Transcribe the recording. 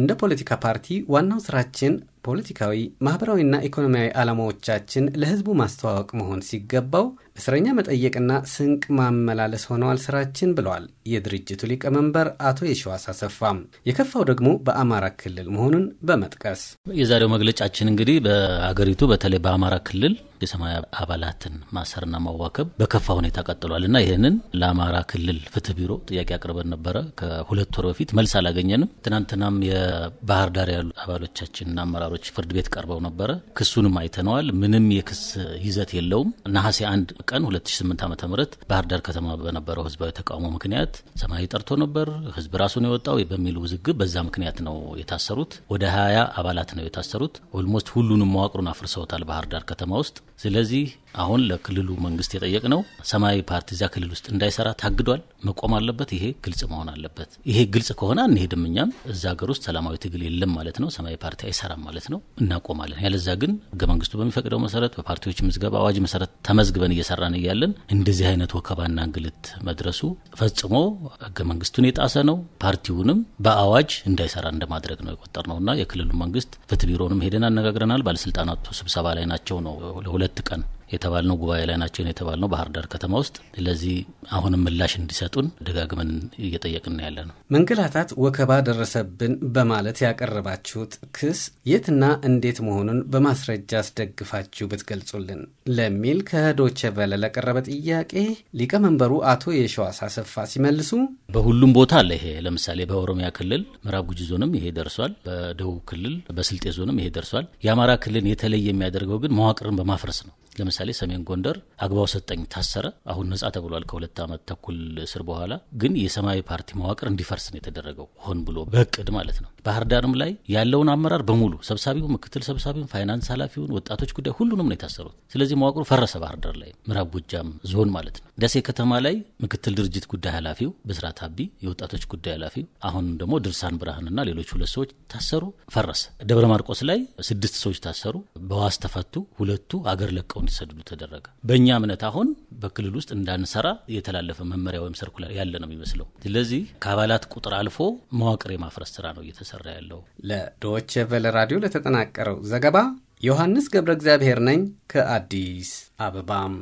እንደ ፖለቲካ ፓርቲ ዋናው ስራችን ፖለቲካዊ፣ ማኅበራዊና ኢኮኖሚያዊ ዓላማዎቻችን ለሕዝቡ ማስተዋወቅ መሆን ሲገባው እስረኛ መጠየቅና ስንቅ ማመላለስ ሆነዋል ስራችን ብለዋል የድርጅቱ ሊቀመንበር አቶ የሸዋስ አሰፋም። የከፋው ደግሞ በአማራ ክልል መሆኑን በመጥቀስ የዛሬው መግለጫችን እንግዲህ በሀገሪቱ በተለይ በአማራ ክልል የሰማያዊ አባላትን ማሰርና ማዋከብ በከፋ ሁኔታ ቀጥሏል እና ይህንን ለአማራ ክልል ፍትህ ቢሮ ጥያቄ አቅርበን ነበረ ከሁለት ወር በፊት መልስ አላገኘንም። ትናንትናም የባህር ዳር ያሉ አባሎቻችንና አመራሮች ፍርድ ቤት ቀርበው ነበረ። ክሱንም አይተነዋል። ምንም የክስ ይዘት የለውም። ነሐሴ አንድ ቀን 2008 ዓ ም ባህር ዳር ከተማ በነበረው ህዝባዊ ተቃውሞ ምክንያት ሰማያዊ ጠርቶ ነበር። ህዝብ ራሱን የወጣው በሚል ውዝግብ በዛ ምክንያት ነው የታሰሩት። ወደ ሀያ አባላት ነው የታሰሩት። ኦልሞስት ሁሉንም መዋቅሩን አፍርሰውታል ባህር ዳር ከተማ ውስጥ ስለዚህ አሁን ለክልሉ መንግስት የጠየቅ ነው ሰማያዊ ፓርቲ እዚያ ክልል ውስጥ እንዳይሰራ ታግዷል። መቆም አለበት። ይሄ ግልጽ መሆን አለበት። ይሄ ግልጽ ከሆነ አንሄድም። እኛም እዛ ሀገር ውስጥ ሰላማዊ ትግል የለም ማለት ነው። ሰማያዊ ፓርቲ አይሰራም ማለት ነው። እናቆማለን። ያለዛ ግን ህገ መንግስቱ በሚፈቅደው መሰረት በፓርቲዎች ምዝገባ አዋጅ መሰረት ተመዝግበን እየሰራን እያለን እንደዚህ አይነት ወከባና እንግልት መድረሱ ፈጽሞ ህገ መንግስቱን የጣሰ ነው። ፓርቲውንም በአዋጅ እንዳይሰራ እንደማድረግ ነው የቆጠር ነው እና የክልሉ መንግስት ፍትህ ቢሮንም ሄደን አነጋግረናል። ባለስልጣናቱ ስብሰባ ላይ ናቸው ነው ለሁለት ቀን የተባልነው ጉባኤ ላይ ናቸው የተባልነው ባህር ዳር ከተማ ውስጥ። ለዚህ አሁንም ምላሽ እንዲሰጡን ደጋግመን እየጠየቅን ያለ ነው። መንገላታት፣ ወከባ ደረሰብን በማለት ያቀረባችሁት ክስ የትና እንዴት መሆኑን በማስረጃ አስደግፋችሁ ብትገልጹልን ለሚል ከዶቼ ቬለ ለቀረበ ጥያቄ ሊቀመንበሩ አቶ የሸዋስ አሰፋ ሲመልሱ በሁሉም ቦታ አለ ይሄ። ለምሳሌ በኦሮሚያ ክልል ምዕራብ ጉጂ ዞንም ይሄ ደርሷል። በደቡብ ክልል በስልጤ ዞንም ይሄ ደርሷል። የአማራ ክልል የተለየ የሚያደርገው ግን መዋቅርን በማፍረስ ነው። ለምሳሌ ለምሳሌ ሰሜን ጎንደር አግባው ሰጠኝ ታሰረ። አሁን ነጻ ተብሏል ከሁለት ዓመት ተኩል እስር በኋላ። ግን የሰማያዊ ፓርቲ መዋቅር እንዲፈርስ ነው የተደረገው፣ ሆን ብሎ በእቅድ ማለት ነው። ባህር ዳርም ላይ ያለውን አመራር በሙሉ ሰብሳቢው፣ ምክትል ሰብሳቢውን፣ ፋይናንስ ኃላፊውን፣ ወጣቶች ጉዳይ ሁሉንም ነው የታሰሩት። ስለዚህ መዋቅሩ ፈረሰ። ባህር ዳር ላይ ምዕራብ ጎጃም ዞን ማለት ነው። ደሴ ከተማ ላይ ምክትል ድርጅት ጉዳይ ኃላፊው ብስራት አቢ፣ የወጣቶች ጉዳይ ኃላፊው አሁንም ደግሞ ድርሳን ብርሃንና ሌሎች ሁለት ሰዎች ታሰሩ፣ ፈረሰ። ደብረ ማርቆስ ላይ ስድስት ሰዎች ታሰሩ፣ በዋስ ተፈቱ። ሁለቱ አገር ለቀው እንዲሰደዱ ተደረገ። በእኛ እምነት አሁን በክልል ውስጥ እንዳንሰራ የተላለፈ መመሪያ ወይም ሰርኩላር ያለ ነው የሚመስለው። ስለዚህ ከአባላት ቁጥር አልፎ መዋቅር የማፍረስ ስራ ነው እየተሰራ ያለው። ለዶች ቨለ ራዲዮ ለተጠናቀረው ዘገባ ዮሐንስ ገብረ እግዚአብሔር ነኝ ከአዲስ አበባም